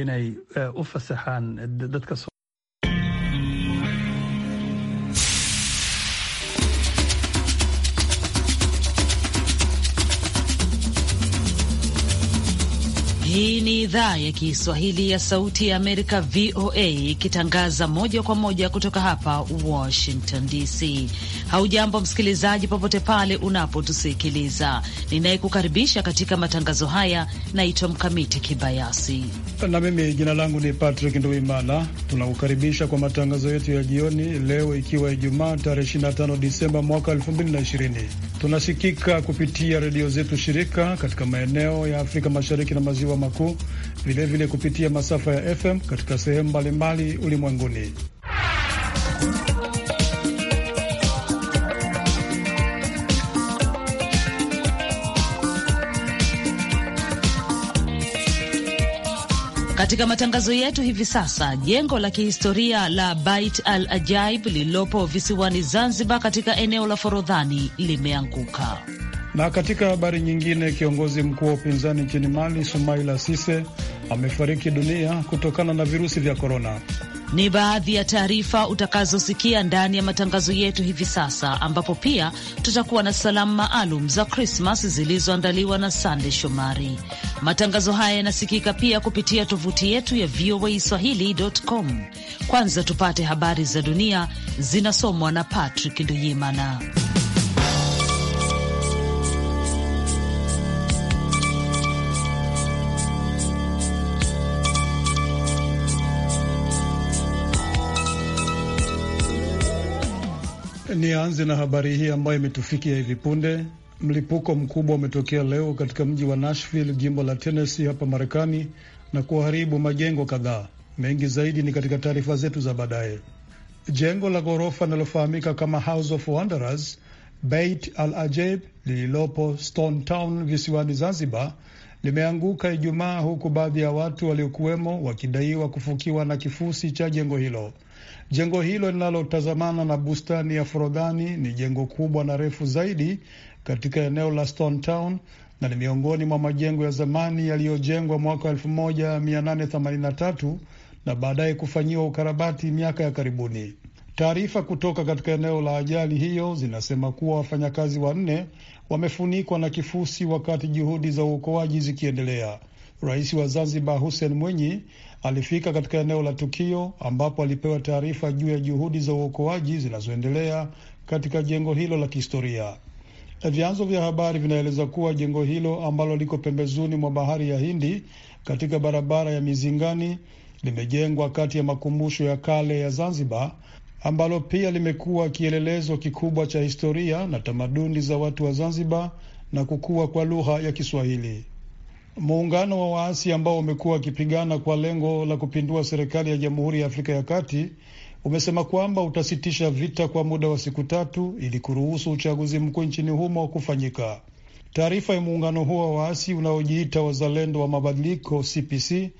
inay eh, u fasaxaan dadka Hii ni idhaa ya Kiswahili ya Sauti ya Amerika, VOA, ikitangaza moja kwa moja kutoka hapa Washington DC. Haujambo msikilizaji, popote pale unapotusikiliza. Ninayekukaribisha katika matangazo haya naitwa Mkamiti Kibayasi na mimi jina langu ni Patrick Nduimana. Tunakukaribisha kwa matangazo yetu ya jioni leo, ikiwa Ijumaa tarehe 25 Disemba mwaka 2020. Tunasikika kupitia redio zetu shirika katika maeneo ya Afrika Mashariki na Maziwa makuu, vilevile kupitia masafa ya FM katika sehemu mbalimbali ulimwenguni. Katika matangazo yetu hivi sasa, jengo la kihistoria la Bait al Ajaib lililopo visiwani Zanzibar katika eneo la Forodhani limeanguka. Na katika habari nyingine, kiongozi mkuu wa upinzani nchini Mali Sumaila Sise amefariki dunia kutokana na virusi vya korona. Ni baadhi ya taarifa utakazosikia ndani ya matangazo yetu hivi sasa, ambapo pia tutakuwa na salamu maalum za Krismas zilizoandaliwa na Sande Shomari. Matangazo haya yanasikika pia kupitia tovuti yetu ya VOA Swahili.com. Kwanza tupate habari za dunia zinasomwa na Patrick Nduyimana. Nianze na habari hii ambayo imetufikia hivi punde. Mlipuko mkubwa umetokea leo katika mji wa Nashville, jimbo la Tennessee hapa Marekani, na kuharibu majengo kadhaa. Mengi zaidi ni katika taarifa zetu za baadaye. Jengo la ghorofa linalofahamika kama House of Wanderers Beit Al ajeb lililopo Stone Town visiwani Zanzibar limeanguka Ijumaa, huku baadhi ya watu waliokuwemo wakidaiwa kufukiwa na kifusi cha jengo hilo. Jengo hilo linalotazamana na bustani ya Forodhani ni jengo kubwa na refu zaidi katika eneo la Stone Town na ni miongoni mwa majengo ya zamani yaliyojengwa mwaka 1883 na baadaye kufanyiwa ukarabati miaka ya karibuni. Taarifa kutoka katika eneo la ajali hiyo zinasema kuwa wafanyakazi wanne wamefunikwa na kifusi wakati juhudi za uokoaji zikiendelea. Rais wa Zanzibar Hussein Mwinyi alifika katika eneo la tukio ambapo alipewa taarifa juu ya juhudi za uokoaji zinazoendelea katika jengo hilo la kihistoria. Vyanzo vya habari vinaeleza kuwa jengo hilo ambalo liko pembezoni mwa bahari ya Hindi katika barabara ya Mizingani limejengwa kati ya makumbusho ya kale ya Zanzibar ambalo pia limekuwa kielelezo kikubwa cha historia na tamaduni za watu wa Zanzibar na kukua kwa lugha ya Kiswahili. Muungano wa waasi ambao wamekuwa wakipigana kwa lengo la kupindua serikali ya Jamhuri ya Afrika ya Kati umesema kwamba utasitisha vita kwa muda wa siku tatu ili kuruhusu uchaguzi mkuu nchini humo kufanyika. Taarifa ya muungano huo wa waasi unaojiita Wazalendo wa Mabadiliko CPC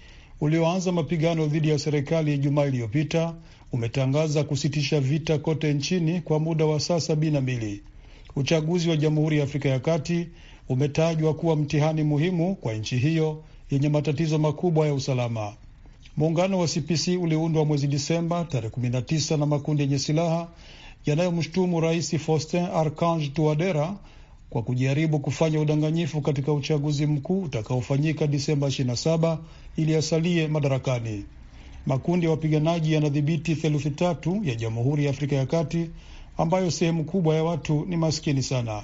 ulioanza mapigano dhidi ya serikali Ijumaa iliyopita umetangaza kusitisha vita kote nchini kwa muda wa saa sabini na mbili. Uchaguzi wa Jamhuri ya Afrika ya Kati umetajwa kuwa mtihani muhimu kwa nchi hiyo yenye matatizo makubwa ya usalama. Muungano wa CPC uliundwa mwezi Disemba tarehe 19 na makundi yenye silaha yanayomshutumu Rais Faustin Archange Touadera kwa kujaribu kufanya udanganyifu katika uchaguzi mkuu utakaofanyika Disemba 27 ili asalie madarakani. Makundi ya wapiganaji yanadhibiti theluthi tatu ya Jamhuri ya Afrika ya Kati ambayo sehemu kubwa ya watu ni maskini sana.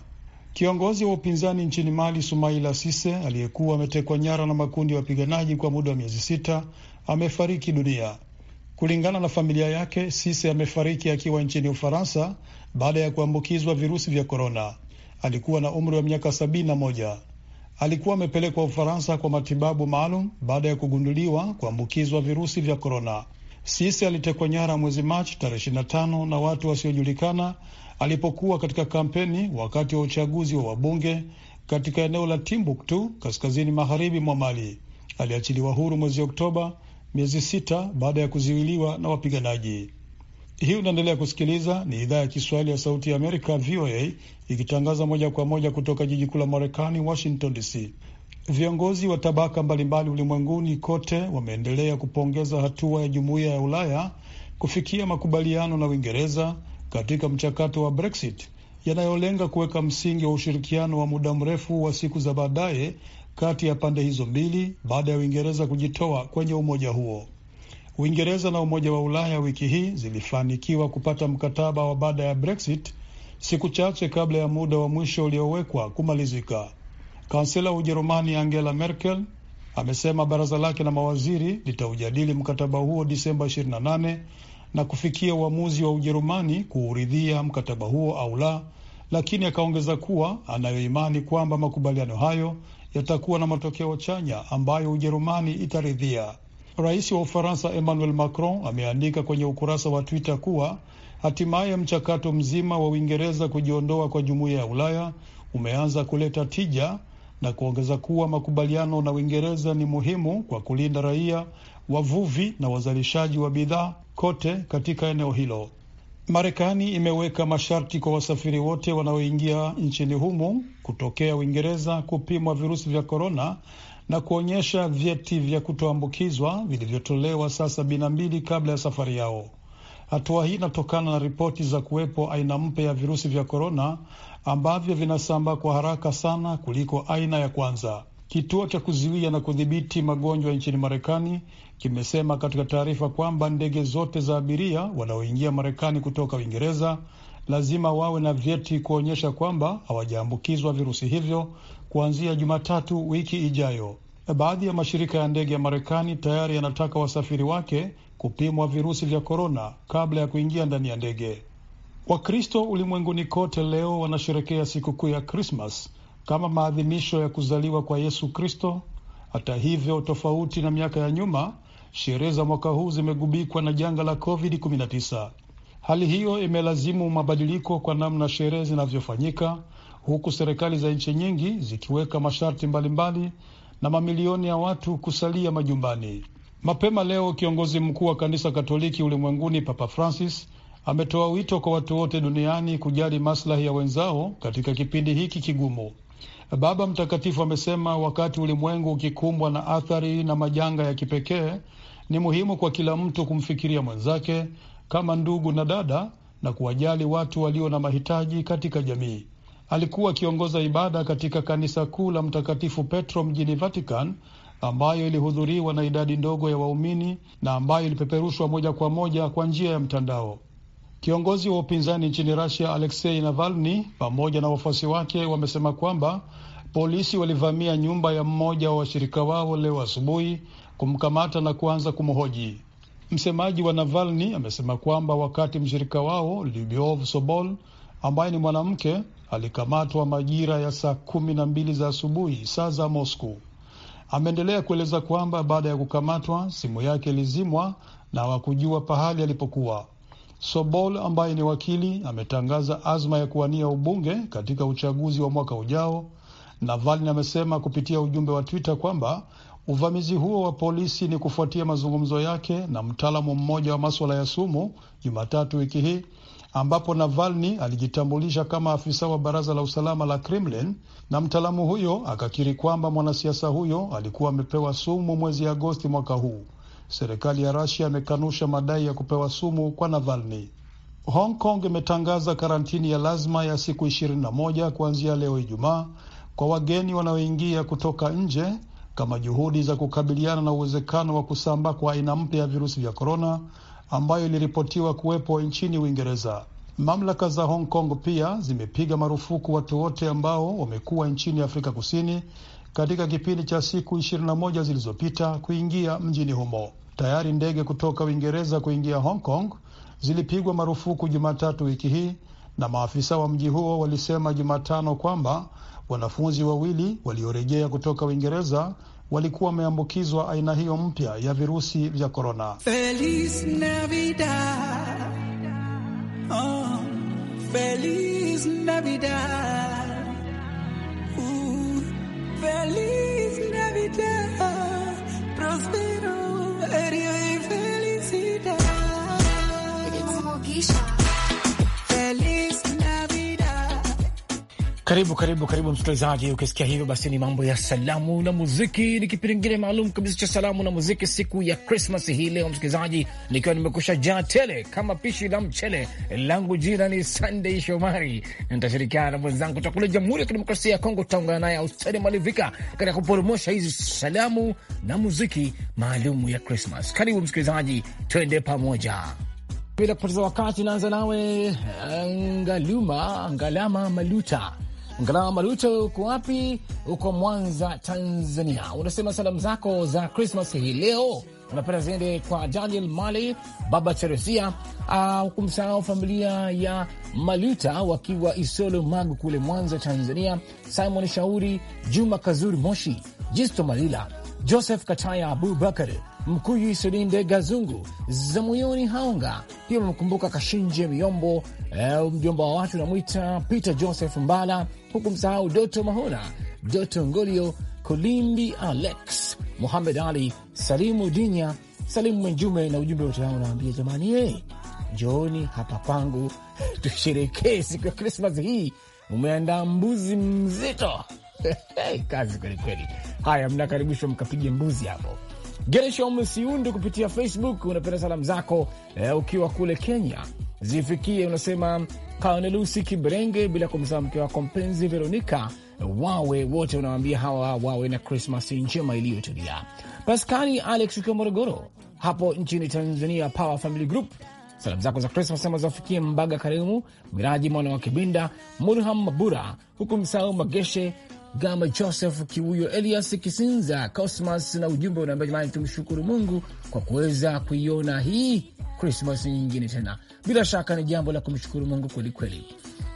Kiongozi wa upinzani nchini Mali, Sumaila Sise, aliyekuwa ametekwa nyara na makundi ya wapiganaji kwa muda wa miezi sita, amefariki dunia. Kulingana na familia yake, Sise amefariki akiwa nchini Ufaransa baada ya kuambukizwa virusi vya korona. Alikuwa na umri wa miaka sabini na moja. Alikuwa amepelekwa Ufaransa kwa matibabu maalum baada ya kugunduliwa kuambukizwa virusi vya korona. Sise alitekwa nyara mwezi Machi tarehe 25 na watu wasiojulikana alipokuwa katika kampeni wakati wa uchaguzi wa wabunge katika eneo la Timbuktu kaskazini magharibi mwa Mali. Aliachiliwa huru mwezi Oktoba, miezi sita baada ya kuziwiliwa na wapiganaji. Hii unaendelea kusikiliza, ni idhaa ya Kiswahili ya Sauti ya Amerika, VOA, ikitangaza moja kwa moja kutoka jiji kuu la Marekani, Washington DC. Viongozi wa tabaka mbalimbali ulimwenguni kote wameendelea kupongeza hatua ya Jumuiya ya Ulaya kufikia makubaliano na Uingereza katika mchakato wa Brexit yanayolenga kuweka msingi wa ushirikiano wa muda mrefu wa siku za baadaye kati ya pande hizo mbili baada ya Uingereza kujitoa kwenye umoja huo. Uingereza na Umoja wa Ulaya wiki hii zilifanikiwa kupata mkataba wa baada ya Brexit siku chache kabla ya muda wa mwisho uliowekwa kumalizika. Kansela wa Ujerumani Angela Merkel amesema baraza lake na mawaziri litaujadili mkataba huo Disemba na kufikia uamuzi wa Ujerumani kuuridhia mkataba huo au la, lakini akaongeza kuwa anayoimani kwamba makubaliano hayo yatakuwa na matokeo chanya ambayo Ujerumani itaridhia. Rais wa Ufaransa Emmanuel Macron ameandika kwenye ukurasa wa Twitter kuwa hatimaye mchakato mzima wa Uingereza kujiondoa kwa jumuiya ya Ulaya umeanza kuleta tija na kuongeza kuwa makubaliano na Uingereza ni muhimu kwa kulinda raia wavuvi na wazalishaji wa bidhaa kote katika eneo hilo. Marekani imeweka masharti kwa wasafiri wote wanaoingia nchini humo kutokea Uingereza kupimwa virusi vya korona na kuonyesha vyeti vya kutoambukizwa vilivyotolewa saa sabini na mbili kabla ya safari yao. Hatua hii inatokana na ripoti za kuwepo aina mpya ya virusi vya korona ambavyo vinasambaa kwa haraka sana kuliko aina ya kwanza. Kituo cha kuzuia na kudhibiti magonjwa nchini Marekani kimesema katika taarifa kwamba ndege zote za abiria wanaoingia Marekani kutoka Uingereza lazima wawe na vyeti kuonyesha kwamba hawajaambukizwa virusi hivyo kuanzia Jumatatu wiki ijayo. Baadhi ya mashirika ya ndege ya Marekani tayari yanataka wasafiri wake kupimwa virusi vya korona kabla ya kuingia ndani ya ndege. Wakristo ulimwenguni kote leo wanasherekea sikukuu ya Krismas kama maadhimisho ya kuzaliwa kwa Yesu Kristo. Hata hivyo, tofauti na miaka ya nyuma, sherehe za mwaka huu zimegubikwa na janga la COVID-19. Hali hiyo imelazimu mabadiliko kwa namna sherehe zinavyofanyika, huku serikali za nchi nyingi zikiweka masharti mbalimbali na mamilioni ya watu kusalia majumbani. Mapema leo kiongozi mkuu wa kanisa Katoliki ulimwenguni Papa Francis ametoa wito kwa watu wote duniani kujali maslahi ya wenzao katika kipindi hiki kigumu. Baba Mtakatifu amesema wakati ulimwengu ukikumbwa na athari na majanga ya kipekee, ni muhimu kwa kila mtu kumfikiria mwenzake kama ndugu na dada na kuwajali watu walio na mahitaji katika jamii. Alikuwa akiongoza ibada katika kanisa kuu la Mtakatifu Petro mjini Vatican ambayo ilihudhuriwa na idadi ndogo ya waumini na ambayo ilipeperushwa moja kwa moja kwa njia ya mtandao. Kiongozi wa upinzani nchini Rasia Aleksei Navalni pamoja na wafuasi wake wamesema kwamba polisi walivamia nyumba ya mmoja wa washirika wao leo asubuhi kumkamata na kuanza kumhoji. Msemaji wa Navalni amesema kwamba wakati mshirika wao Lyubov Sobol ambaye ni mwanamke alikamatwa majira ya saa kumi na mbili za asubuhi saa za Moscow. Ameendelea kueleza kwamba baada ya kukamatwa simu yake ilizimwa na hawakujua pahali alipokuwa. Sobol ambaye ni wakili ametangaza azma ya kuwania ubunge katika uchaguzi wa mwaka ujao. Navalny amesema kupitia ujumbe wa Twitter kwamba uvamizi huo wa polisi ni kufuatia mazungumzo yake na mtaalamu mmoja wa maswala ya sumu Jumatatu wiki hii ambapo Navalny alijitambulisha kama afisa wa baraza la usalama la Kremlin na mtaalamu huyo akakiri kwamba mwanasiasa huyo alikuwa amepewa sumu mwezi Agosti mwaka huu. Serikali ya Rasia imekanusha madai ya kupewa sumu kwa Navalny. Hong Kong imetangaza karantini ya lazima ya siku moja kuanzia leo Ijumaa kwa wageni wanaoingia kutoka nje kama juhudi za kukabiliana na uwezekano wa kusambaa kwa aina mpya ya virusi vya korona ambayo iliripotiwa kuwepo nchini Uingereza. Mamlaka za Hong Kong pia zimepiga marufuku watu wote ambao wamekuwa nchini Afrika Kusini katika kipindi cha siku 21 zilizopita kuingia mjini humo. Tayari ndege kutoka Uingereza kuingia Hong Kong zilipigwa marufuku Jumatatu wiki hii, na maafisa wa mji huo walisema Jumatano kwamba wanafunzi wawili waliorejea kutoka Uingereza walikuwa wameambukizwa aina hiyo mpya ya virusi vya korona. Feliz Navidad. Oh, Feliz Navidad. believe. Karibu karibu karibu msikilizaji, ukisikia hivyo basi ni mambo ya salamu na muziki. Ni kipindi kingine maalum kabisa cha salamu na muziki siku ya Krismas hii leo, msikilizaji, nikiwa nimekusha jaa tele kama pishi la mchele langu. Jina ni Sandey Shomari, nitashirikiana na mwenzangu kule Jamhuri ya Kidemokrasia ya Kongo, tutaungana naye Austari Malivika katika kuporomosha hizi salamu na muziki maalumu ya Krismas. Karibu msikilizaji, twende pamoja bila kupoteza wakati. Naanza nawe Ngaluma Ngalama Maluta Ngalama Maluto, uko wapi? Uko Mwanza, Tanzania. Unasema salamu zako za Krismas hii leo unapenda ziende kwa Daniel Mali, Baba Teresia, hukumsahau familia ya Maluta wakiwa Isolo Magu kule Mwanza, Tanzania. Simon Shauri, Juma Kazuri Moshi, Jisto Malila, Joseph Kataya, Abubakar Mkuyu Isolinde Gazungu Zamuyoni Haonga, pia amemkumbuka Kashinje Miombo, eh, mjomba wa watu unamwita Peter Joseph Mbala, huku msahau Doto Mahona, Doto Ngolio, Kolimbi Alex, Muhamed Ali, Salimu Dinya, Salimu Mwenjume, na ujumbe wote hao unawambia jamani, eh, njooni hapa kwangu tusherekee siku ya Krismas hii. Umeandaa mbuzi mzito kazi kwelikweli. Haya, mnakaribishwa mkapige mbuzi hapo. Gershom Siundi kupitia Facebook unapenda salamu zako eh, ukiwa kule Kenya zifikie, unasema Kanelusi Kibrenge, bila kumsahau mke wako mpenzi Veronika, wawe wote unawaambia hawa wawe na Krismas njema iliyotulia. Paskali Alex ukiwa Morogoro hapo nchini Tanzania, Power Family Group, salamu zako za Krismas sema zawafikie Mbaga Karimu, Miraji mwana wa Kibinda, Murham Mabura, huku msahau Mageshe Gama Joseph Kiuyo, Elias Kisinza, Cosmas na ujumbe unaambia jamani, tumshukuru Mungu kwa kuweza kuiona hii Krismas nyingine tena. Bila shaka ni jambo la kumshukuru Mungu kwelikweli.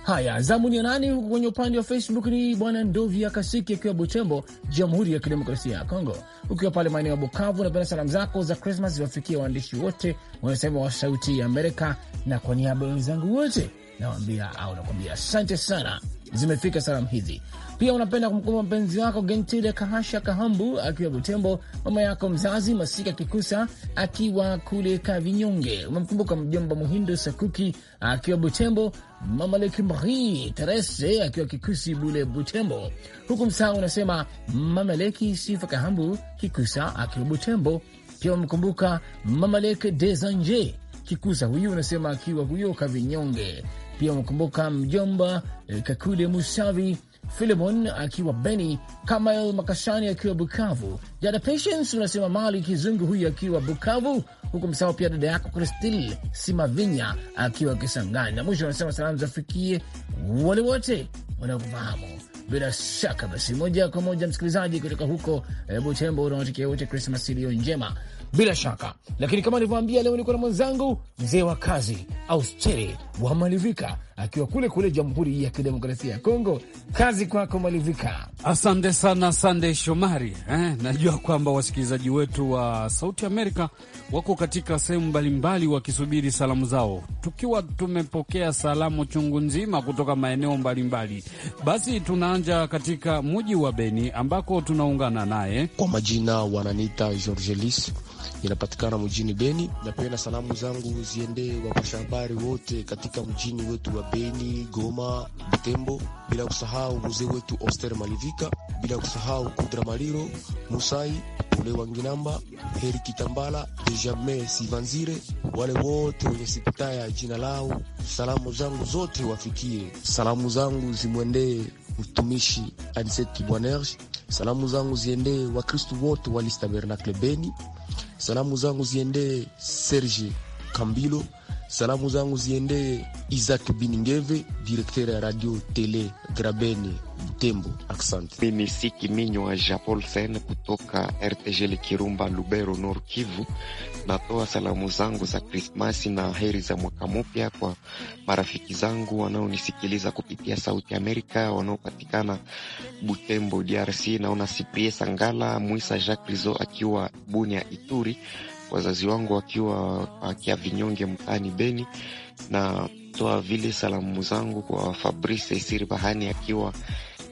Haya, zamu ni nani huku kwenye upande wa Facebook? Ni bwana Ndovya Kasiki akiwa Butembo, Jamhuri ya Kidemokrasia ya Kongo. Ukiwa pale maeneo ya Bukavu, napenda salamu zako za Krismas ziwafikia waandishi wote wanasema wa Sauti ya Amerika, na kwa niaba ya wenzangu wote nawambia au nakwambia asante sana, zimefika salamu hizi. Pia unapenda kumkumbuka mpenzi wako Gentile Kahasha Kahambu akiwa Butembo, mama yako mzazi Masika Kikusa akiwa kule Kavinyonge. Umemkumbuka mjomba Muhindo Sakuki akiwa Butembo, mama Leki Terese akiwa Kikusi Bule Butembo, huku msahau unasema mama Leki Sifa Kahambu Kikusa akiwa Butembo. Pia umemkumbuka mama Leke Desanje Kikusa, huyu unasema akiwa huyo Kavinyonge. Pia umemkumbuka mjomba eh, Kakule Musavi Filemon akiwa Beni, Kamael Makashani akiwa Bukavu, dada Patience unasema mali kizungu huyu akiwa Bukavu, huku msao pia dada yako Kristil Simavinya akiwa Kisangani, na mwisho anasema salamu zafikie wale wote wanaofahamu. bila shaka. Basi moja kwa moja msikilizaji kutoka huko e, Butembo, unawatakia wote Krismas iliyo njema bila shaka. Lakini kama nilivyoambia, leo niko na mwenzangu mzee wa kazi Austeri wa Malivika akiwa kule kule Jamhuri ya Kidemokrasia ya Kongo. Kazi kwako Malivika. Asante sana Sande Shomari. Eh, najua kwamba wasikilizaji wetu wa Sauti Amerika wako katika sehemu mbalimbali wakisubiri salamu zao, tukiwa tumepokea salamu chungu nzima kutoka maeneo mbalimbali. Basi tunaanja katika muji wa Beni ambako tunaungana naye, kwa majina wananiita Georgelis inapatikana mjini Beni. Napenda salamu zangu ziendee wapasha habari wote katika mjini wetu wa Beni, Goma, Butembo, bila kusahau mzee wetu Oster Malivika, bila kusahau Kudra Maliro, Musai Pole Wanginamba, Heri Kitambala, Dejame Sivanzire, wale wote wenye sikutaya jina lao, salamu zangu zote wafikie. Salamu zangu zimwendee mtumishi Aniset Bwanerge. Salamu zangu ziendee Wakristu wote wa Listabernakle Beni. Salamu zangu ziendee Serge Kambilo, salamu zangu ziendee Isaac Biningeve, direkteur ya radio tele Grabeni Butembo. Asante. Mimi Siki Minywa Jean Paul Sen kutoka RTG Kirumba, Lubero, Nord Kivu. Natoa salamu zangu za Krismasi na heri za mwaka mpya kwa marafiki zangu wanaonisikiliza kupitia Sauti Amerika wanaopatikana Butembo, DRC. Naona Siprie Sangala Mwisa Jacques Rizo akiwa Bunia, Ituri, wazazi wangu wakiwa akia vinyonge mtaani Beni. na toa vile salamu zangu kwa Fabrice Siri Bahani akiwa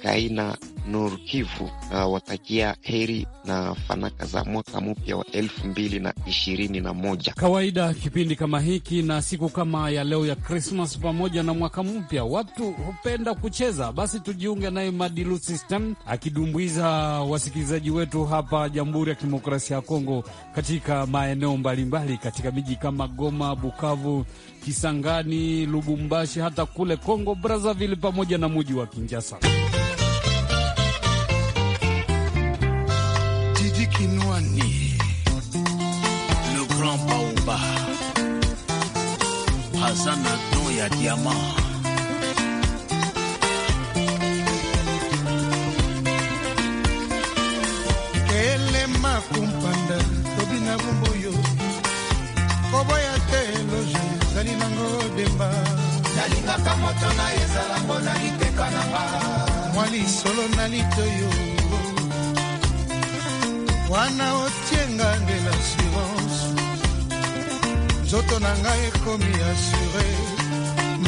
Kaina Nur Kivu uh, watakia heri na fanaka za mwaka mpya wa elfu mbili na ishirini na moja. Kawaida kipindi kama hiki na siku kama ya leo ya Krismas pamoja na mwaka mpya watu hupenda kucheza, basi tujiunge naye Madilu System akidumbwiza wasikilizaji wetu hapa Jamhuri ya Kidemokrasia ya Kongo katika maeneo mbalimbali katika miji kama Goma, Bukavu, Kisangani, Lubumbashi, hata kule Kongo Brazzaville pamoja na muji wa Kinshasa. kubwa sana tu ya diamond. mwalisolo na litoyo wana otienga nde la suivante nzoto na ngai ekomi asure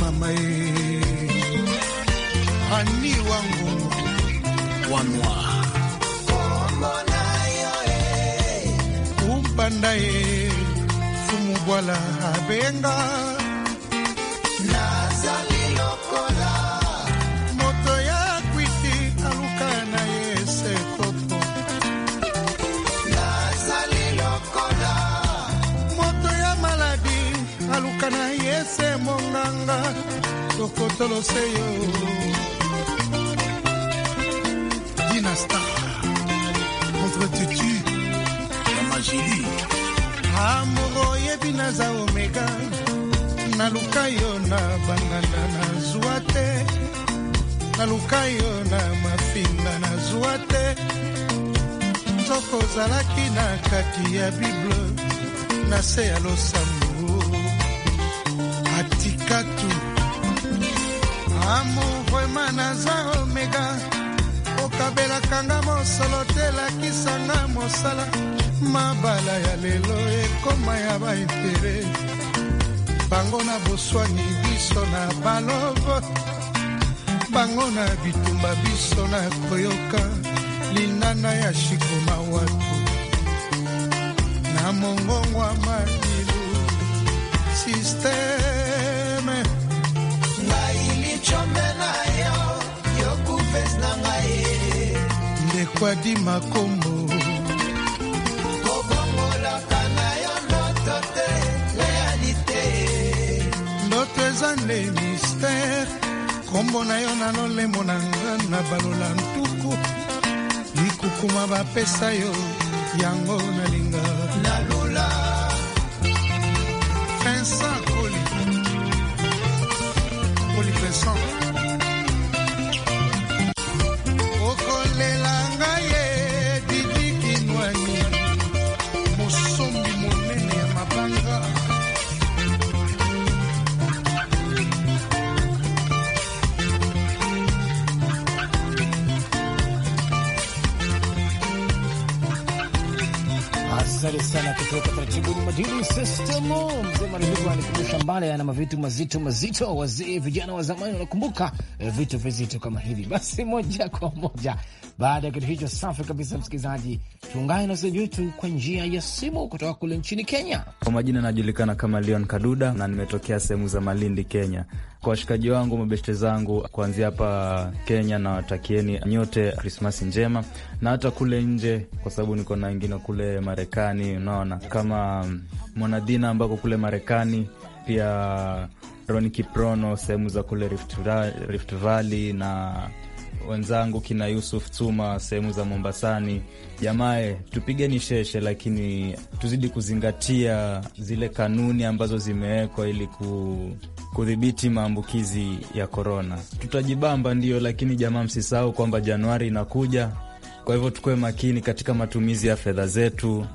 mama e ani wangu wanwa umpanda ye fumubwala abenga kaka na yese monganga tokotolose yo dinasta contre tutu ya magili amoko oyebi naza omeka naluka yo na bandanda nazwa te naluka yo na mafinga nazwa te nzoko ozalaki na kati ya bible na se ya losambo motema naza omega okabelakanga mosolo telakisanga mosala mabala ya lelo ekoma ya baintere bango na boswani biso na balobo bango na bitumba biso na koyoka linana ya shikoma watu na mongongwa manilu sisteme nailichombenai kopesa na ngai ndeko adima kombo kobongolaka na yo ndoto te realite ndoto eza nde mistere kombo na yo na lolemo na nga na balola ntuku likukuma bapesa yo yango nalingi sana kutoka taratibu madini system. mzee Marihugu alikumbusha mbale ana mavitu mazito mazito. Wazee vijana wa zamani wanakumbuka eh, vitu vizito kama hivi. Basi moja kwa moja baada ya kitu hicho safi kabisa, msikilizaji, tuungane na wazaji wetu kwa njia ya simu kutoka kule nchini Kenya. Kwa majina anajulikana kama Leon Kaduda na nimetokea sehemu za Malindi, Kenya. Kwa washikaji wangu, mabeshte zangu kuanzia hapa Kenya, nawatakieni nyote Krismasi njema na hata kule nje, kwa sababu niko na wengine kule Marekani, unaona kama Mwanadina ambako kule Marekani pia Roni Kiprono, sehemu za kule Rift Valley na wenzangu kina Yusuf Tsuma sehemu za Mombasani, jamae, tupigeni sheshe, lakini tuzidi kuzingatia zile kanuni ambazo zimewekwa ili kudhibiti maambukizi ya korona. Tutajibamba ndio lakini jamaa, msisahau kwamba Januari inakuja. Kwa hivyo tukuwe makini katika matumizi ya fedha zetu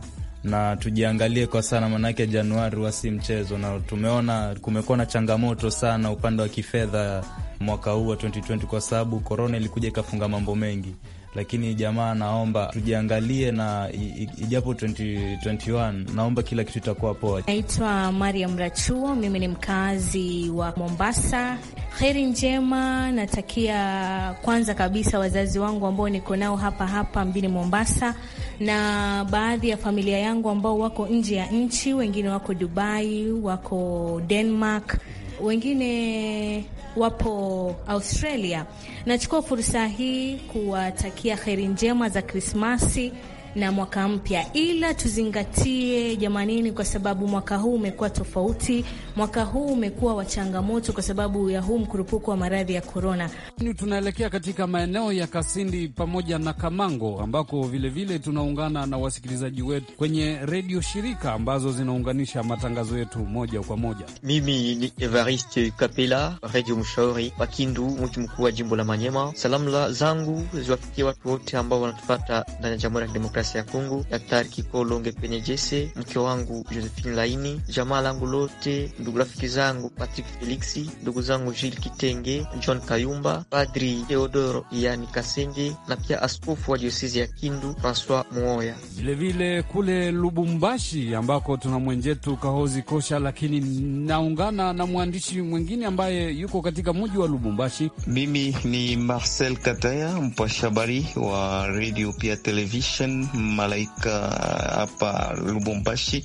na tujiangalie kwa sana, maanake Januari wasi mchezo, na tumeona kumekuwa na changamoto sana upande wa kifedha mwaka huu wa 2020 kwa sababu korona ilikuja ikafunga mambo mengi, lakini jamaa, naomba tujiangalie na ijapo 2021, naomba kila kitu itakuwa poa. Naitwa Mariam Rachuo, mimi ni mkazi wa Mombasa. Heri njema natakia kwanza kabisa wazazi wangu ambao niko nao hapa hapa mjini Mombasa, na baadhi ya familia yangu ambao wako nje ya nchi, wengine wako Dubai, wako Denmark wengine wapo Australia. Nachukua fursa hii kuwatakia heri njema za Krismasi na mwaka mpya, ila tuzingatie jamanini, kwa sababu mwaka huu umekuwa tofauti. Mwaka huu umekuwa wa changamoto kwa sababu ya huu mkurupuko wa maradhi ya korona. Tunaelekea katika maeneo ya Kasindi pamoja na Kamango, ambako vilevile vile tunaungana na wasikilizaji wetu kwenye redio shirika ambazo zinaunganisha matangazo yetu moja kwa moja. Mimi ni Evariste Kapela, redio mshauri wa Kindu, mji mkuu wa jimbo la Manyema. Salamu zangu ziwafikie watu wote ambao wanatupata ndani ya Jamhuri ya Kidemokrasia Kidemokrasi ya Kongo, Daktari Kikolonge Penejese, mke wangu Josephine Laini, jamaa langu lote, ndugu rafiki zangu Patrick felixi ndugu zangu Jil Kitenge, John Kayumba, Padri Theodoro yani Kasenge na pia askofu wa diosezi ya Kindu Francois Muoya. Vilevile kule Lubumbashi ambako tuna mwenjetu Kahozi Kosha, lakini naungana na mwandishi mwingine ambaye yuko katika mji wa Lubumbashi. Mimi ni Marcel Kataya, mpashabari wa redio pia television Malaika hapa Lubumbashi.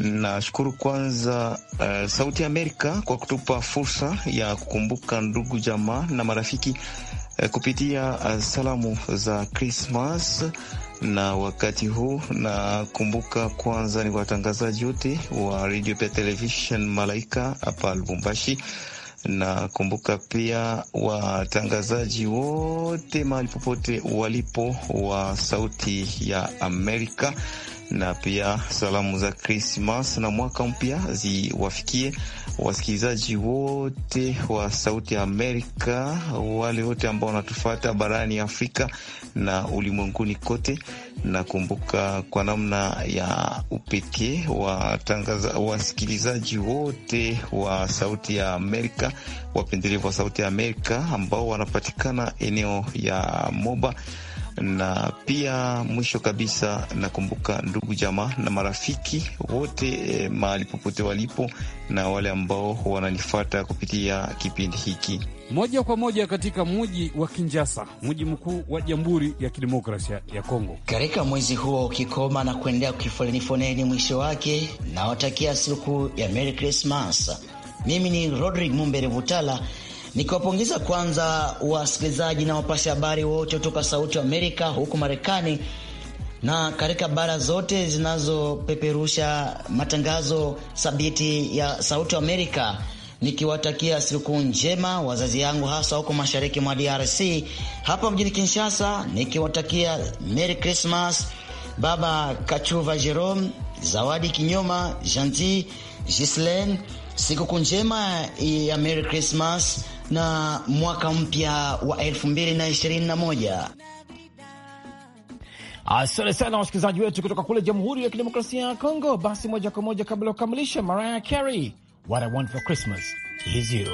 Nashukuru kwanza uh, Sauti ya Amerika kwa kutupa fursa ya kukumbuka ndugu jamaa na marafiki uh, kupitia uh, salamu za Krismas na wakati huu nakumbuka kwanza ni watangazaji wote wa radio pia television Malaika hapa Lubumbashi Nakumbuka pia watangazaji wote mahali popote walipo wa Sauti ya Amerika na pia salamu za Krismas na mwaka mpya ziwafikie wasikilizaji wote wa Sauti ya Amerika, wale wote ambao wanatufata barani Afrika na ulimwenguni kote. Nakumbuka kwa namna ya upekee wasikilizaji wote wa Sauti ya Amerika, wapendelevu wa Sauti ya Amerika ambao wanapatikana eneo ya Moba na pia mwisho kabisa, nakumbuka ndugu jamaa na marafiki wote eh, mahali popote walipo na wale ambao wananifata kupitia kipindi hiki moja kwa moja katika muji wa Kinjasa, mji mkuu wa Jamhuri ya Kidemokrasia ya Kongo. Katika mwezi huo ukikoma na kuendelea kukifonenifoneni mwisho wake, nawatakia sikukuu ya Merry Christmas. Mimi ni Rodrig Mumbere Vutala nikiwapongeza kwanza wasikilizaji na wapasha habari wote kutoka Sauti Amerika huku Marekani na katika bara zote zinazopeperusha matangazo thabiti ya Sauti Amerika, nikiwatakia sikukuu njema wazazi yangu hasa huko mashariki mwa DRC hapa mjini Kinshasa, nikiwatakia Merry Christmas Baba Kachuva Jerome, Zawadi Kinyoma, Janti Gislen, sikukuu njema ya Merry Christmas na mwaka mpya wa 2021. Asante sana wasikilizaji wetu kutoka kule Jamhuri ya Kidemokrasia ya Kongo. Basi moja kwa moja, kabla ya kukamilisha, Mariah Carey, What I Want for Christmas Is You.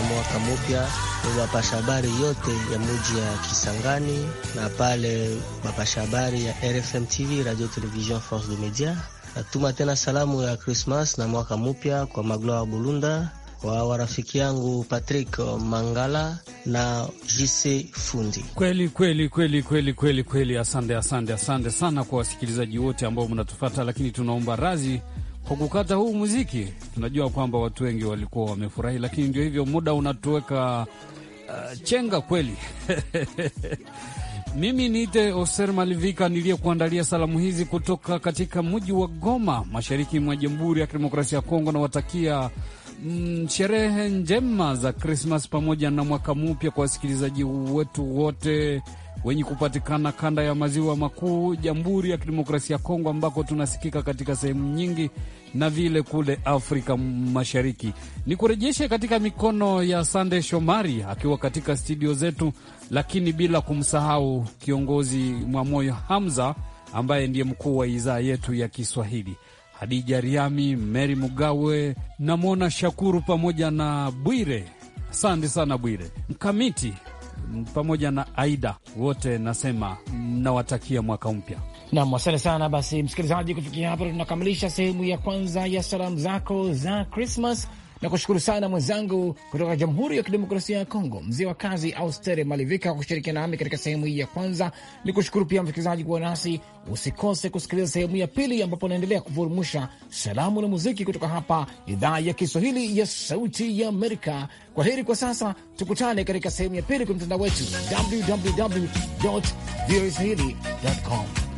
kukaribisha mwaka mpya wapasha habari yote ya muji ya Kisangani na pale mapasha habari ya RFM TV Radio Television Force de Media. Natuma tena salamu ya Christmas na mwaka mpya kwa Magloa wa Bulunda, kwa warafiki yangu Patrick Mangala na JC Fundi. Kweli kweli kweli kweli kweli kweli, asante asante asante sana kwa wasikilizaji wote ambao mnatufata, lakini tunaomba radhi kwa kukata huu muziki. Tunajua kwamba watu wengi walikuwa wamefurahi, lakini ndio hivyo, muda unatuweka uh, chenga kweli Mimi niite Oser Malivika niliyekuandalia salamu hizi kutoka katika mji wa Goma, mashariki mwa Jamhuri ya Kidemokrasia ya Kongo, nawatakia mm, sherehe njema za Krismas pamoja na mwaka mpya kwa wasikilizaji wetu wote wenye kupatikana kanda ya maziwa makuu, Jamhuri ya Kidemokrasia ya Kongo, ambako tunasikika katika sehemu nyingi na vile kule Afrika Mashariki. Ni kurejeshe katika mikono ya Sande Shomari akiwa katika studio zetu, lakini bila kumsahau kiongozi Mwamoyo Hamza ambaye ndiye mkuu wa idhaa yetu ya Kiswahili, Hadija Riami, Meri Mugawe, namwona Shakuru pamoja na Bwire. Asante sana Bwire Mkamiti pamoja na Aida, wote nasema mnawatakia mwaka mpya. Nam, asante sana. Basi msikilizaji, kufikia hapo tunakamilisha sehemu ya kwanza ya salamu zako za Krismas na kushukuru sana mwenzangu kutoka Jamhuri ya Kidemokrasia ya Kongo, mzee wa kazi Austere Malivika, kwa kushirikiana nami katika sehemu hii ya kwanza. Ni kushukuru pia msikilizaji kuwa nasi. Usikose kusikiliza sehemu ya pili, ambapo naendelea kuvurumusha salamu na muziki kutoka hapa idhaa ya Kiswahili ya Sauti ya Amerika. Kwa heri kwa sasa, tukutane katika sehemu ya pili kwenye mtandao wetu www com.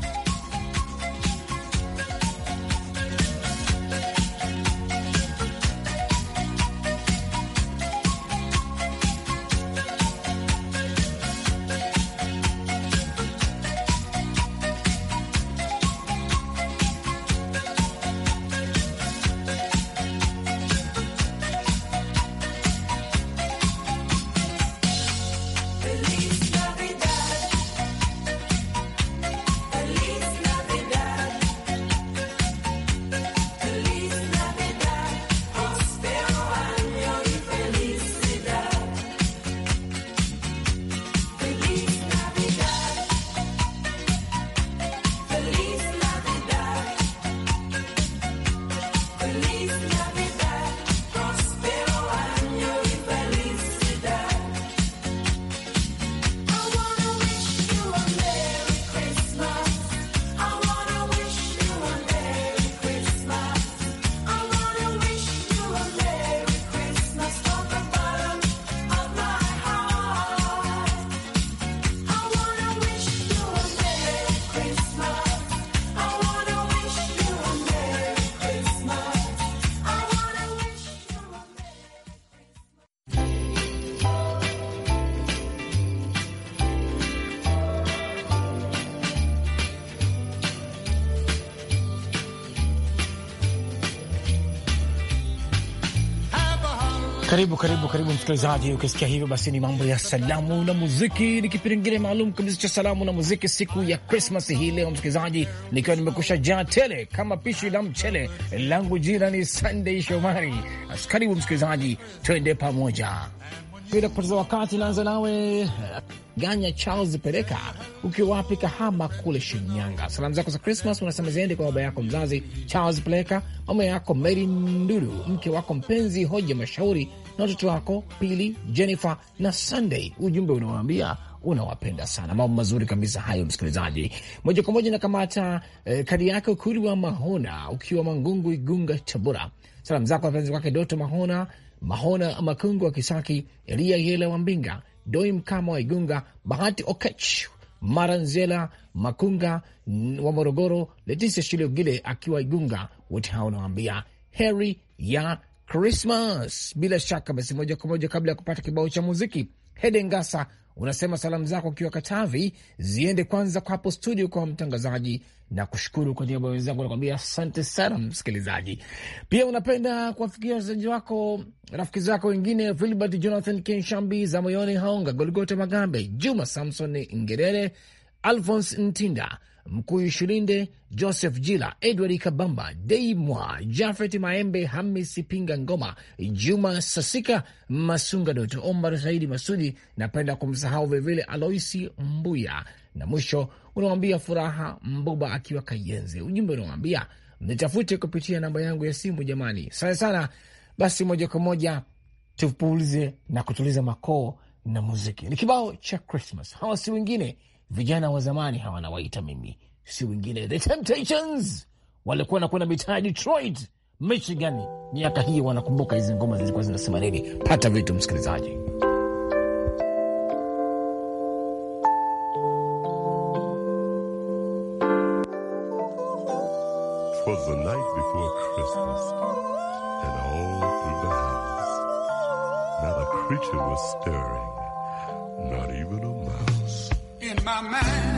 Karibu karibu karibu msikilizaji, ukisikia hivyo basi ni mambo ya salamu na muziki. Ni kipindi maalum kabisa cha salamu na muziki siku ya Krismas hii leo, msikilizaji, nikiwa nimekusha jaa tele kama pishi la mchele langu. Jina ni sandey Shomari. Karibu msikilizaji, twende pamoja bila kupoteza wakati. Naanza nawe eh, Ganya Charles Pereka, ukiwa wapi? Kahama kule Shinyanga. Salamu zako za Krismas unasema ziende kwa baba yako mzazi Charles Pereka, mama yako Mary Nduru, mke wako mpenzi Hoja Mashauri na watoto wako, Pili, Jennifer na Sunday. Ujumbe unawaambia unawapenda sana. Mambo mazuri kabisa hayo, msikilizaji. Moja kwa moja nakamata eh, kadi yako Kulwa Mahona, ukiwa Mangungu, Igunga, Tabora. Salamu zako wapenzi kwake Doto Mahona, Mahona Makungu wa Kisaki, Elia Yele wa Mbinga, Doim Kama wa Igunga, Bahati Okech Maranzela Makunga wa Morogoro, Letisia Shilogile akiwa Igunga. Wote hao nawaambia heri ya Christmas. Bila shaka basi, moja kwa moja, kabla ya kupata kibao cha muziki, Hede Ngasa unasema salamu zako ukiwa Katavi ziende kwanza kwa hapo studio kwa mtangazaji na kushukuru kwa niaba ya wenzangu, nakwambia asante sana msikilizaji. Pia unapenda kuwafikia wazaji wako, rafiki zako wengine, Filbert Jonathan Kenshambi, za moyoni Haonga, Golgota Magambe, Juma Samson Ngerere, Alphonse Ntinda Mkuyu Shilinde, Joseph Jila, Edward Kabamba, Deimwa Jafet Maembe, Hamis Pinga Ngoma, Juma Sasika Masunga, Doto Omar Saidi Masudi. Napenda kumsahau vilevile Aloisi Mbuya na mwisho unawambia Furaha Mbuba akiwa Kayenze. Ujumbe unawambia nitafute kupitia namba yangu ya simu. Jamani, sana sana. Basi moja kwa moja tupulize na kutuliza makoo na muziki, ni kibao cha crismas hawa si wengine vijana wa zamani hawa nawaita mimi, si wengine The Temptations. Walikuwa nakwenda mitaa ya Detroit, Michigan miaka hiyo, wanakumbuka hizi ngoma zilikuwa zinasema nini. Pata vitu msikilizaji. Twas the night before Christmas, and all through the house, not a creature was stirring my mind.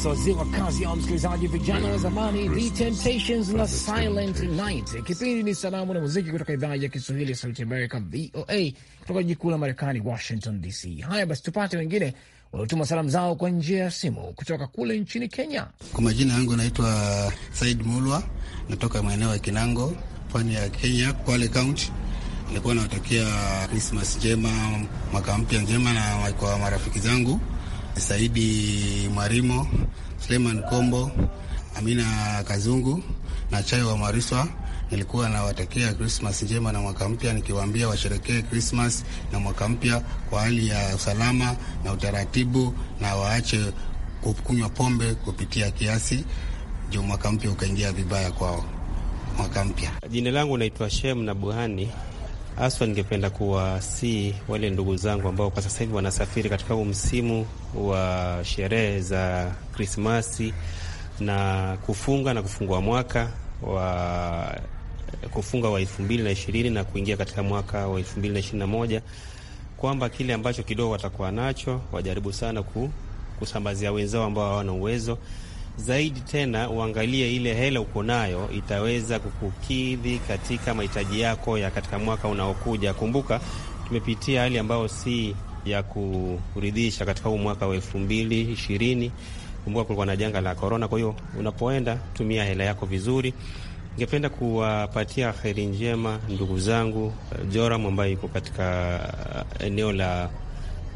Sasa ziwa kazi ya msikilizaji, vijana wa zamani, The Temptations na Silent Night. Kipindi ni salamu na muziki kutoka idhaa ya Kiswahili ya Sauti Amerika, VOA, kutoka jiji kuu la Marekani, Washington DC. Haya basi, tupate wengine waliotuma salamu zao kwa njia ya simu kutoka kule nchini Kenya. Kwa majina yangu naitwa Said Mulwa, natoka maeneo ya Kinango, pwani ya Kenya, Kwale County. Nilikuwa nawatakia Krismas njema, mwaka mpya njema na kwa marafiki zangu Saidi Mwarimo, Suleiman Kombo, Amina Kazungu na Chai wa Mariswa. Nilikuwa nawatakia Krismas njema na mwaka mpya, nikiwaambia washerekee Krismas na mwaka mpya kwa hali ya usalama na utaratibu, na waache kukunywa pombe kupitia kiasi, juu mwaka mpya ukaingia vibaya kwao. Mwaka mpya. Jina langu naitwa Shem na Buhani Haswa ningependa kuwasii wale ndugu zangu ambao kwa sasa hivi wanasafiri katika huu msimu wa sherehe za Krismasi na kufunga na kufungua mwaka wa kufunga wa elfu mbili na ishirini na kuingia katika mwaka wa elfu mbili na ishirini na moja kwamba kile ambacho kidogo watakuwa nacho wajaribu sana ku, kusambazia wenzao ambao hawana uwezo zaidi tena uangalie ile hela uko nayo itaweza kukukidhi katika mahitaji yako ya katika mwaka unaokuja. Kumbuka tumepitia hali ambayo si ya kuridhisha katika huu mwaka wa elfu mbili ishirini. Kumbuka kulikuwa na janga la korona. Kwa hiyo unapoenda, tumia hela yako vizuri. Ningependa kuwapatia heri njema ndugu zangu eh, Joram ambaye iko katika eh, eneo la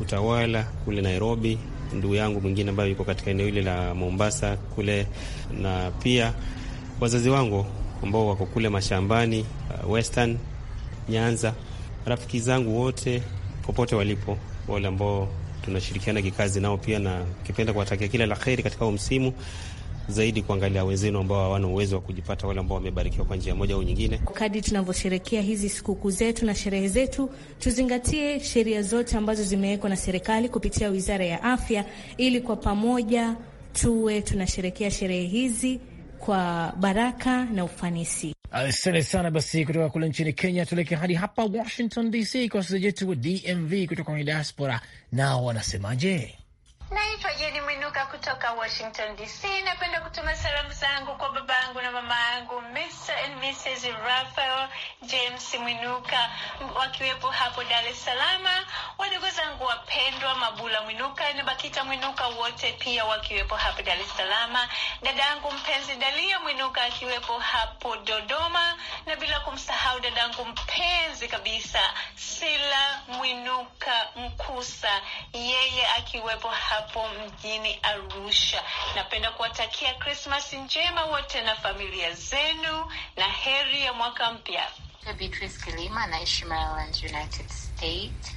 utawala kule Nairobi ndugu yangu mwingine ambayo yuko katika eneo hili la Mombasa kule, na pia wazazi wangu ambao wako kule mashambani uh, Western Nyanza, rafiki zangu wote popote walipo, wale ambao tunashirikiana kikazi nao pia, na kipenda kuwatakia kila la kheri katika huu msimu zaidi kuangalia wenzenu ambao hawana uwezo wa kujipata, wale ambao wamebarikiwa kwa njia moja au nyingine. Kadi tunavyosherekea hizi sikukuu zetu na sherehe zetu, tuzingatie sheria zote ambazo zimewekwa na serikali kupitia Wizara ya Afya, ili kwa pamoja tuwe tunasherekea sherehe hizi kwa baraka na ufanisi. Asante sana. Basi kutoka kule nchini Kenya tuelekea hadi hapa Washington DC kwa wachezaji wetu wa DMV kutoka kwenye diaspora, nao wanasemaje? Naitwa Jeni Mwinuka kutoka Washington DC. Napenda kutuma salamu zangu kwa babangu na yangu Mr. and Mrs. Raphael James Mwinuka wakiwepo hapo Dar es Salaam, wadogo zangu wapendwa Mabula Mwinuka na Bakita Mwinuka wote pia wakiwepo hapo Dar es Salaam, dadangu mpenzi Dalia Mwinuka akiwepo hapo Dodoma, na bila kumsahau dadangu mpenzi kabisa Sila Mwinuka Mkusa, yeye akiwepo hapo hapo mjini Arusha. Napenda kuwatakia Krismasi njema wote na familia zenu na heri ya mwaka mpya. Beatrice Kilima, naishi Maryland, United States.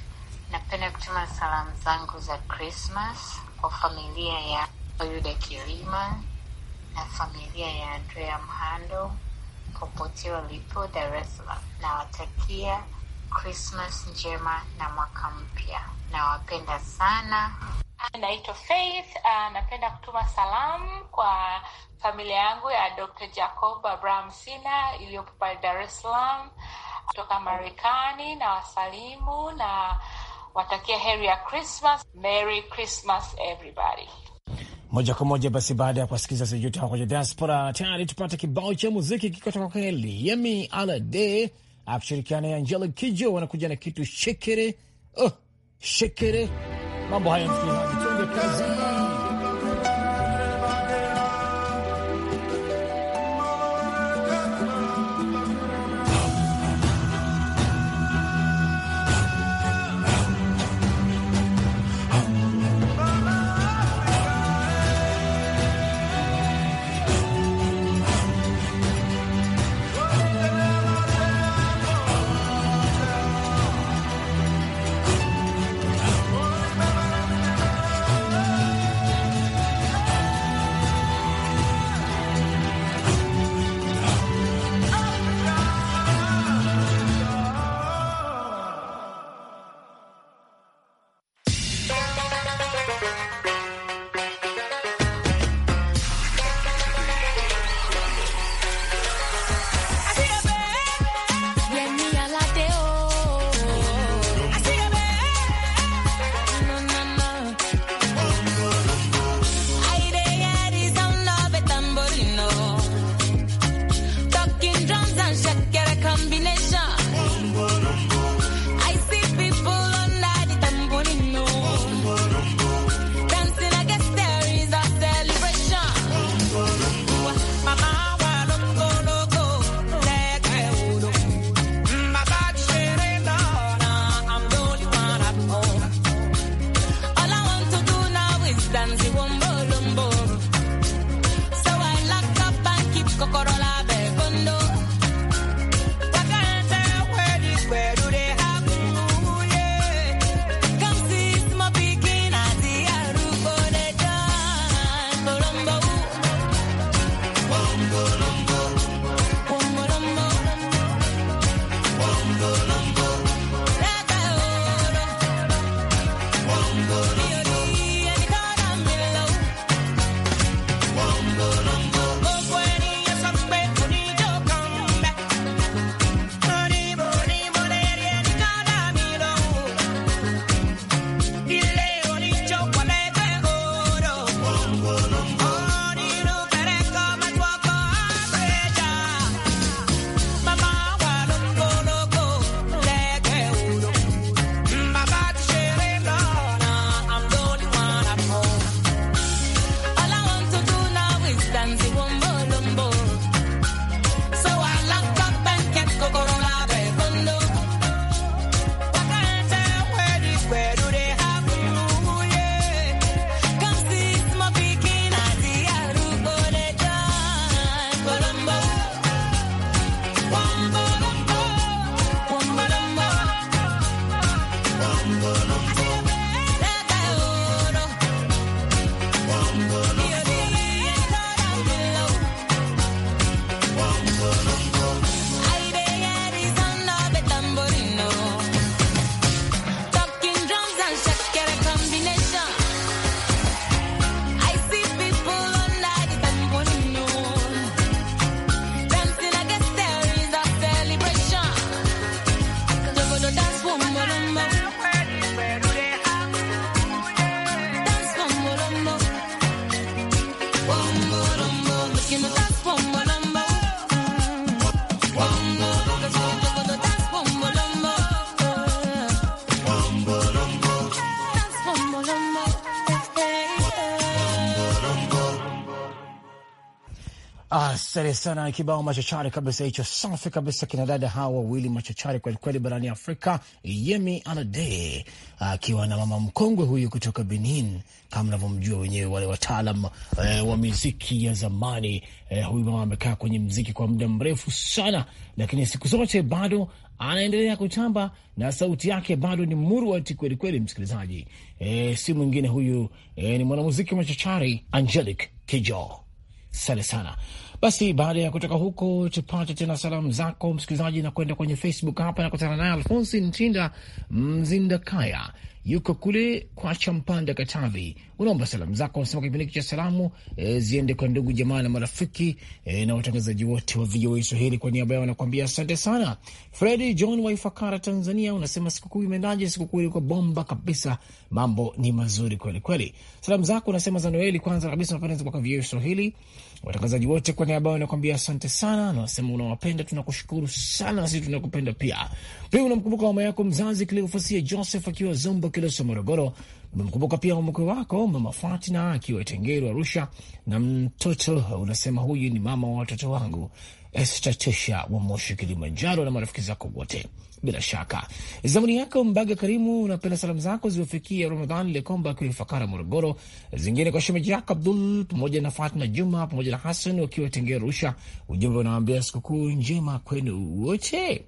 Napenda kutuma salamu zangu za Krismas kwa familia ya yuda Kilima na familia ya Andrea Mhando popote walipo Dar es Salaam. Nawatakia Krismas njema na mwaka mpya. Nawapenda sana. Naitwa Faith. Uh, napenda kutuma salamu kwa familia yangu ya Dr. Jacob Abraham Sina iliyopo pale Dar es Salaam kutoka Marekani, na wasalimu na watakia heri ya Christmas. Merry Christmas everybody. Moja kwa moja basi, baada ya kuwasikiliza sijuta kwenye diaspora, tayari tupate kibao cha muziki kikotoka kweli Yemi Alade akishirikiana na Angelic Kijo, wanakuja na kitu shekere. Oh, shekere mambo haya msikilizaji disease. Asante sana, kibao machachari kabisa hicho, safi kabisa, kina dada hawa wawili machachari kwelikweli barani Afrika, Yemi Alade akiwa na mama mkongwe huyu kutoka Benin, kama navyomjua wenyewe wale wataalam e, wa miziki ya zamani e, huyu mama amekaa kwenye mziki kwa muda mrefu sana, lakini siku zote bado anaendelea kutamba na sauti yake bado ni murwati kwelikweli, msikilizaji. E, si mwingine huyu e, ni mwanamuziki machachari Angelic Kijo. Sante sana. Basi baada ya kutoka huko, tupate tena salamu zako msikilizaji, na kwenda kwenye Facebook hapa na kutana naye Alfonsi Ntinda Mzindakaya, yuko kule kwa Champanda, Katavi unaomba salamu zako unasema kipindi hiki cha salamu e, ziende kwa ndugu jamaa na marafiki e, na watangazaji wote wa VOA Swahili. Kwa niaba yao wanakuambia asante sana. Fredi John wa Ifakara, Tanzania, unasema sikukuu imeendaje? Sikukuu ilikuwa bomba kabisa, mambo ni mazuri kweli kweli. Salamu zako unasema za Noeli kwanza kabisa unapenda kwa VOA Swahili, watangazaji wote. Kwa niaba yao wanakuambia asante sana, na unasema unawapenda, tunakushukuru sana, na sisi tunakupenda pia. Pia unamkumbuka mama yako mzazi Cleofasia Joseph akiwa Zombo Kilosa, Morogoro Umemkumbuka pia mke wako Mama Fatna akiwa Tengeru, Arusha, na mtoto unasema huyu ni mama wa watoto wangu Estatesha wa Moshi, Kilimanjaro, na marafiki zako wote. Bila shaka zamani yako Mbaga Karimu, unapenda salamu zako ziwafikia Ramadhan Lekomba akiwa Ifakara, Morogoro, zingine kwa shemeji yako Abdul pamoja na Fatna Juma pamoja na Hasan wakiwa Tengeru, Arusha. Ujumbe unawaambia sikukuu njema kwenu wote.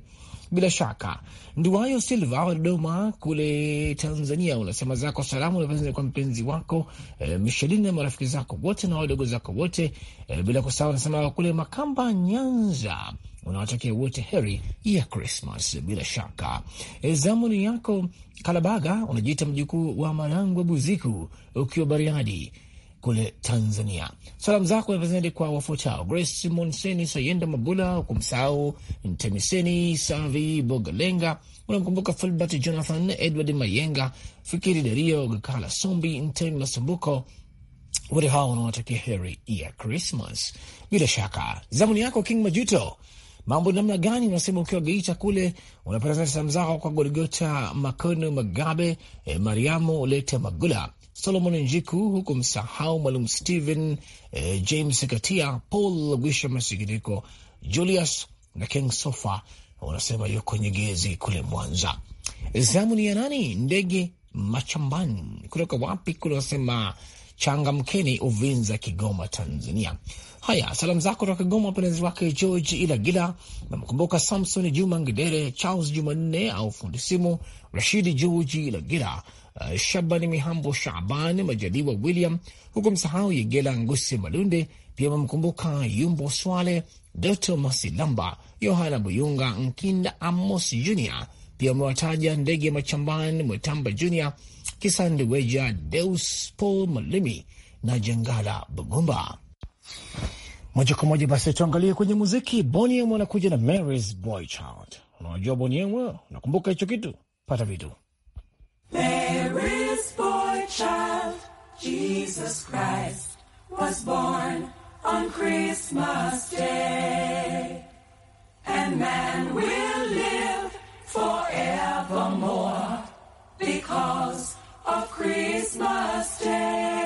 Bila shaka Nduwayo Silva wa Dodoma kule Tanzania, unasema zako salamu napenda kwa mpenzi wako e, eh, Michelin na marafiki zako wote na wadogo zako wote e, bila kusahau unasema kule Makamba Nyanza unawatakia wote heri ya Krismas. Bila shaka e, zamuni yako Kalabaga, unajiita mjukuu wa Marangwe Buziku ukiwa Bariadi kule Tanzania. Salamu zako nazadi kwa wafuatao: Grace Monseni, Sayenda Mabula, kumsahau Ntemiseni Savi Bogalenga, unamkumbuka Filbert Jonathan, Edward Mayenga, Fikiri Dario, Gakala Sombi, Ntemi Masumbuko. Wote hawa wanawatakia heri ya Krismas. Bila shaka zamuni yako King Majuto, mambo namna gani? Unasema ukiwa Geita kule unapata salamu zako kwa Gorigota Makono Magabe, eh, Mariamu Lete Magula Solomon Njiku, huku msahau Mwalimu Stephen eh, James Katia, Paul Lagwisha Masigiriko, Julius na King Sofa wanasema yuko Nyegezi kule Mwanza. Zamu ni ya nani? Ndege Machambani kutoka wapi kule, wanasema changamkeni Uvinza, Kigoma, Tanzania. Haya, salamu zako toka Kigoma, wapenezi wake George ila gila, namkumbuka Samson Juma Ngidere, Charles Jumanne au fundi simu Rashidi George gila uh, Shabani Mihambo Shaban Majaliwa William, huku msahau Yegela Ngusi Malunde. Pia amemkumbuka Yumbo Swale, Doto Masilamba, Yohana Buyunga, Nkinda Amos Junior. Pia amewataja Ndege Machamban Mwetamba Junior, Kisande Weja, Deus Paul Malimi na Jangala Bugumba. Moja kwa moja basi tuangalie kwenye muziki. Boniem anakuja na Mary's Boy Child. Unajua Boniem, unakumbuka hicho kitu? Pata vitu There is boy child, Jesus Christ, was born on Christmas Day. And man will live forevermore because of Christmas Day.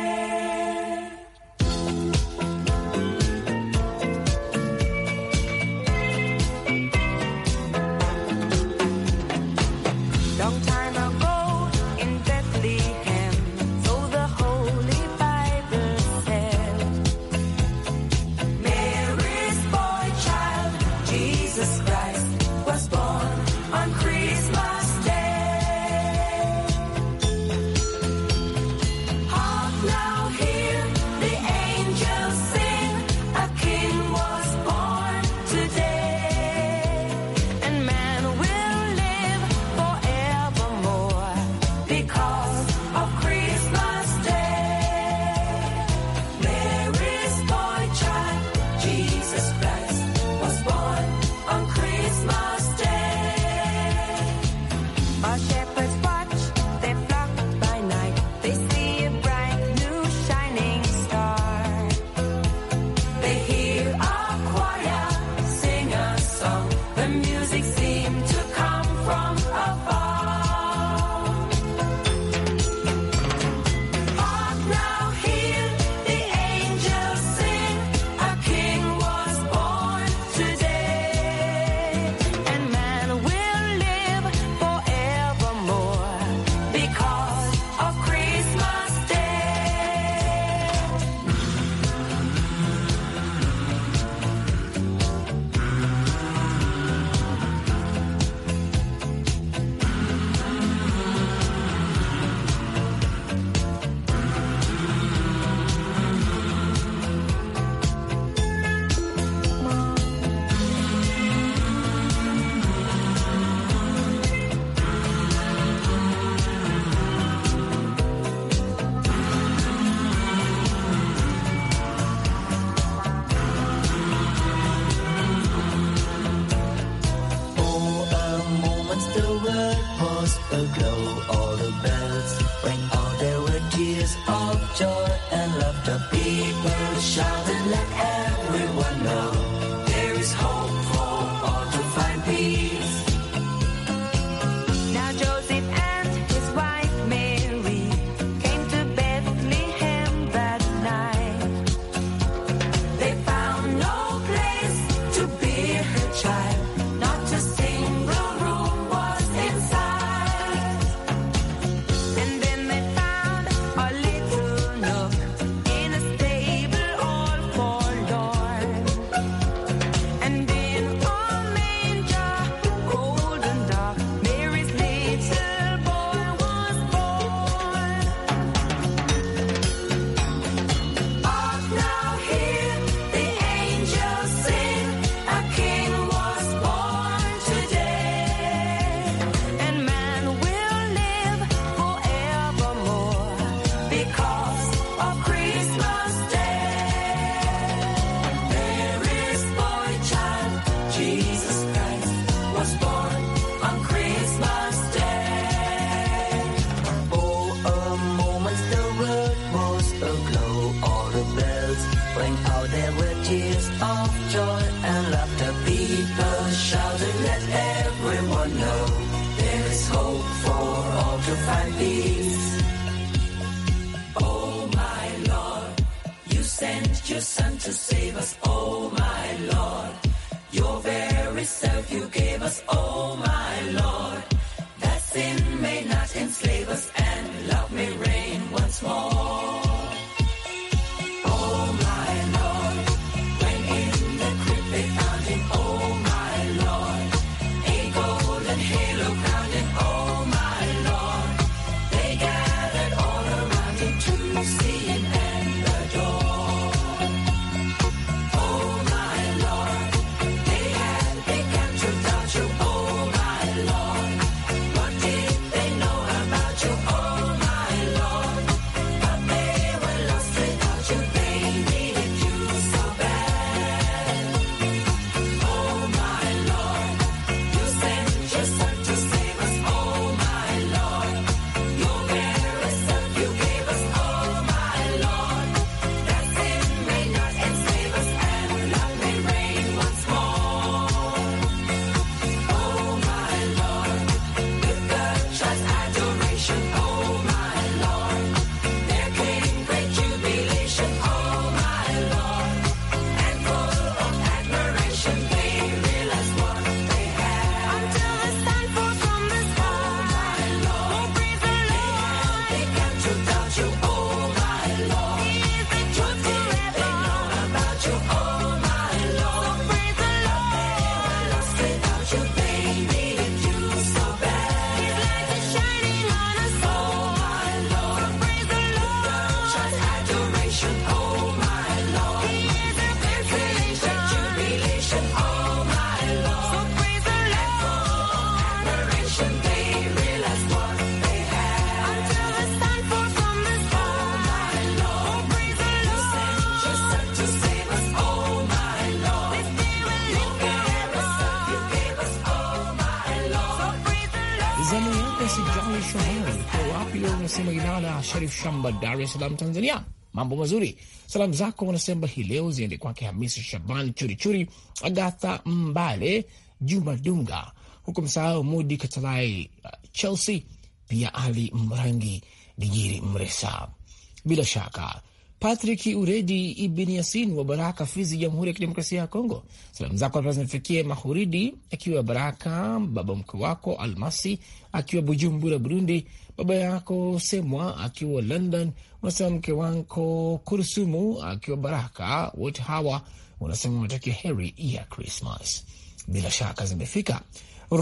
Shamba, Dar es Salaam, Tanzania. Mambo mazuri. Salamu zako wanasema hii leo ziende kwake Hamisi Shaban Churichuri, Agatha Mbale, Juma Dunga, huku msahau Mudi Katalai, uh, Chelsea, pia Ali Mrangi, Digiri Mresa. Bila shaka Patrick Uredi Ibn Yasin wa Baraka, Fizi, Jamhuri ya Kidemokrasia ya Kongo. Salamu zako pa zimfikie Mahuridi akiwa Baraka, baba mke wako Almasi akiwa Bujumbura, Burundi, baba yako Semwa akiwa London, unasema mke wako Kursumu akiwa Baraka. Wote hawa unasema unatakia heri ya Krismas. Bila shaka zimefika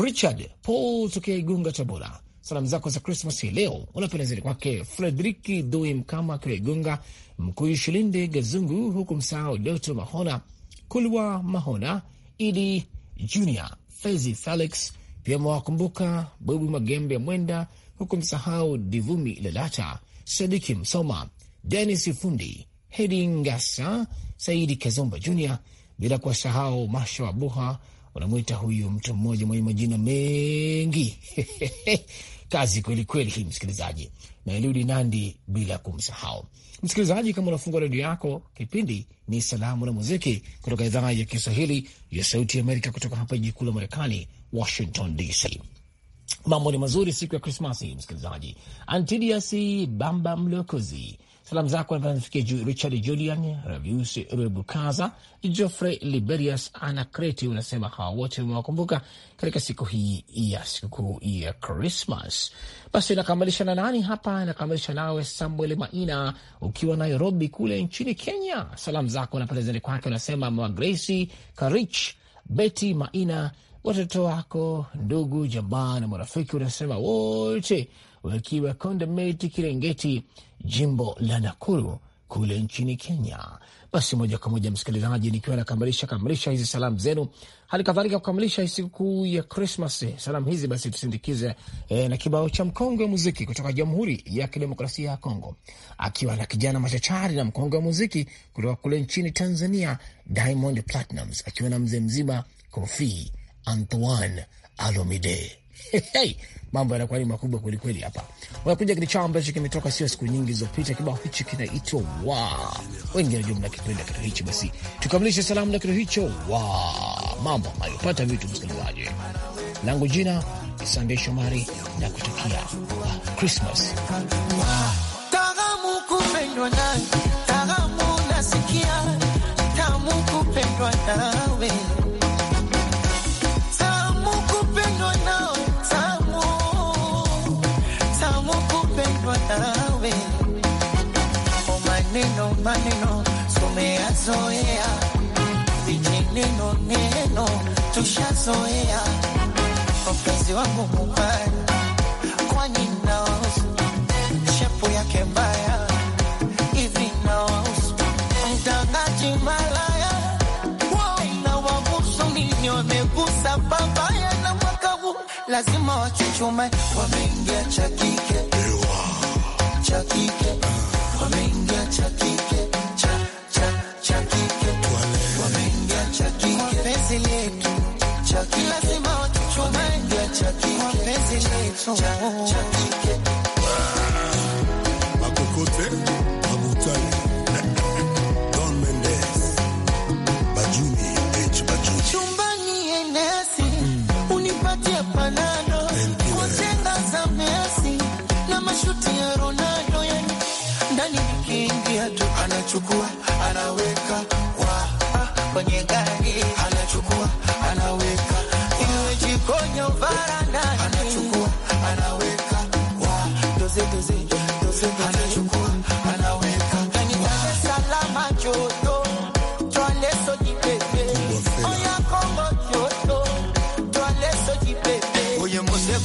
Richard Paul tokea Igunga, Tabora salamu zako za Krismas hii leo unapenda zile kwake Frederiki Dui Mkama Kiregunga Mkuyu Shilinde Gazungu, huku msahau Doto Mahona Kulwa Mahona Idi Junior Fezi Felix, pia mewakumbuka Bobu Magembe Mwenda, huku msahau Divumi Lelata Sadiki Msoma Denis Fundi Hedi Ngasa Saidi Kazomba Junior, bila kuwasahau Masha Wabuha unamwita huyu mtu mmoja mwenye majina mengi kazi kwelikweli hii, msikilizaji, na Eludi Nandi bila kumsahau. Msikilizaji, kama unafungua redio yako, kipindi ni Salamu na Muziki kutoka idhaa ya Kiswahili ya Sauti ya Amerika, kutoka hapa jiji kuu la Marekani, Washington DC. Mambo ni mazuri siku ya Krismasi, msikilizaji. Antidiasi Bamba Mlokozi Salamu zako juu Richard Julian Ravius Rebukaza, Geoffrey Liberius creti Unasema hawa wote umewakumbuka katika siku hii ya sikukuu ya Krismas. Basi nakamilisha na nani hapa? Nakamilisha nawe Samuel Maina ukiwa Nairobi kule nchini Kenya. Salamu zako napelezani kwake, unasema Magresi Karich, Beti Maina, watoto wako, ndugu jamaa na marafiki, unasema wote wakiwa Kondameti Kirengeti, jimbo la Nakuru kule nchini Kenya. Basi moja kwa moja, msikilizaji, nikiwa nakamilisha kamilisha hizi salamu zenu, hali kadhalika kukamilisha sikukuu ya Krismas. Eh, salamu hizi basi tusindikize e, na kibao cha mkongwe wa muziki kutoka Jamhuri ya Kidemokrasia ya Kongo, akiwa na kijana machachari na mkongwe wa muziki kutoka kule nchini Tanzania, Diamond Platnumz, akiwa na mzee mzima Kofi Antoine Alomide. mambo yanakuwa ni makubwa kwelikweli. Hapa wanakuja kitu chao ambacho kimetoka sio siku nyingi zilizopita. Kibao hichi kinaitwa wa wengi najua mnakipenda kitu hichi. Basi tukamilishe salamu na kitu hicho wa mambo anayopata vitu. Msikilizaji langu jina ni Sandey Shomari na kutakia Krismas tushazoea neno tushazoea mpenzi wangu mubaya kwani nawausu shepu yake mbaya hivi nawausu mtangaji malaya nini wamegusa babaya na lazima wachuchume wameingia chaki 哦。